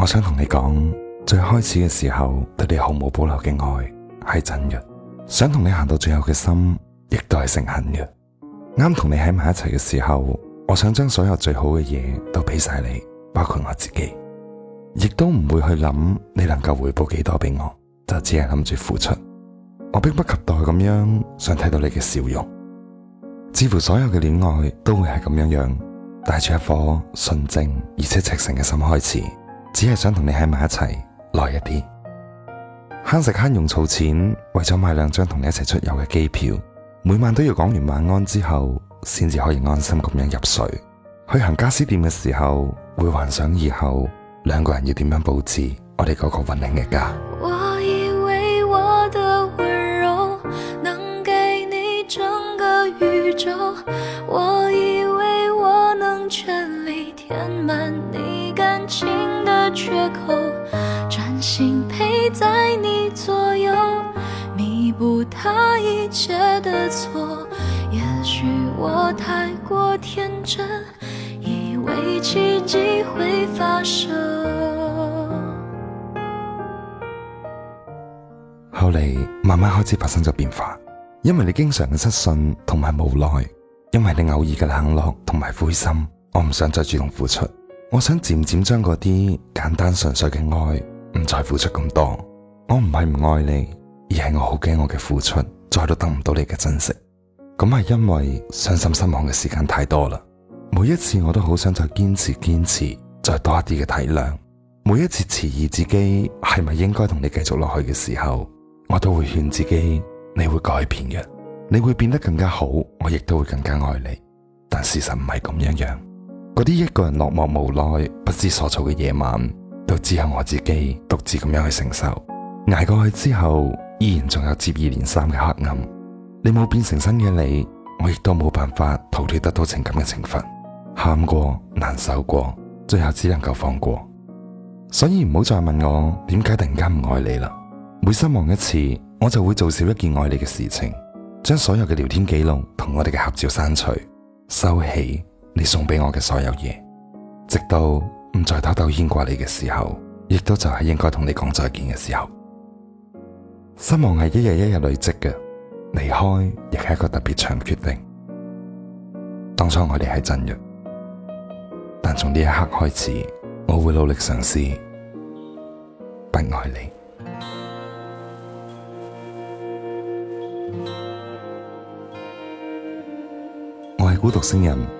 我想同你講，最開始嘅時候對你毫無保留嘅愛係真嘅，想同你行到最後嘅心亦都係誠懇嘅。啱同你喺埋一齊嘅時候，我想將所有最好嘅嘢都俾晒你，包括我自己，亦都唔會去諗你能夠回報幾多俾我，就只係諗住付出。我迫不及待咁樣想睇到你嘅笑容。似乎所有嘅戀愛都會係咁樣樣，帶住一顆純正而且赤誠嘅心開始。只係想同你喺埋一齊，耐一啲，慳食慳用儲錢，為咗買兩張同你一齊出遊嘅機票。每晚都要講完晚安之後，先至可以安心咁樣入睡。去行家私店嘅時候，會幻想以後兩個人要點樣布置我哋嗰個溫馨嘅家。缺口專心陪在你左右，彌補他一切的錯。也許我太過天真，以為奇蹟會發生。後嚟慢慢開始發生咗變化，因為你經常嘅失信同埋無奈，因為你偶爾嘅冷落同埋灰心，我唔想再主動付出。我想漸漸將嗰啲簡單純粹嘅愛唔再付出咁多，我唔係唔愛你，而係我好驚我嘅付出再都得唔到你嘅珍惜。咁係因為傷心失望嘅時間太多啦，每一次我都好想再堅持堅持，再多一啲嘅體諒。每一次遲疑自己係咪應該同你繼續落去嘅時候，我都會勸自己你會改變嘅，你會變得更加好，我亦都會更加愛你。但事實唔係咁樣樣。嗰啲一個人落寞無奈、不知所措嘅夜晚，都只係我自己獨自咁樣去承受。挨過去之後，依然仲有接二連三嘅黑暗。你冇變成新嘅你，我亦都冇辦法逃脫得到情感嘅懲罰。喊過，難受過，最後只能夠放過。所以唔好再問我點解突然間唔愛你啦。每失望一次，我就會做少一件愛你嘅事情，將所有嘅聊天記錄同我哋嘅合照刪除、收起。你送俾我嘅所有嘢，直到唔再偷偷牽掛你嘅時候，亦都就係應該同你講再見嘅時候。失望係一日一日累積嘅，離開亦係一個特別長決定。當初我哋係真嘅，但從呢一刻開始，我會努力嘗試不愛你。我係孤獨星人。